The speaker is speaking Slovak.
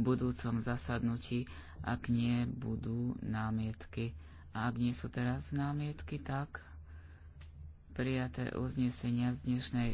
budúcom zasadnutí, ak nie budú námietky. A ak nie sú teraz námietky, tak prijaté uznesenia z dnešnej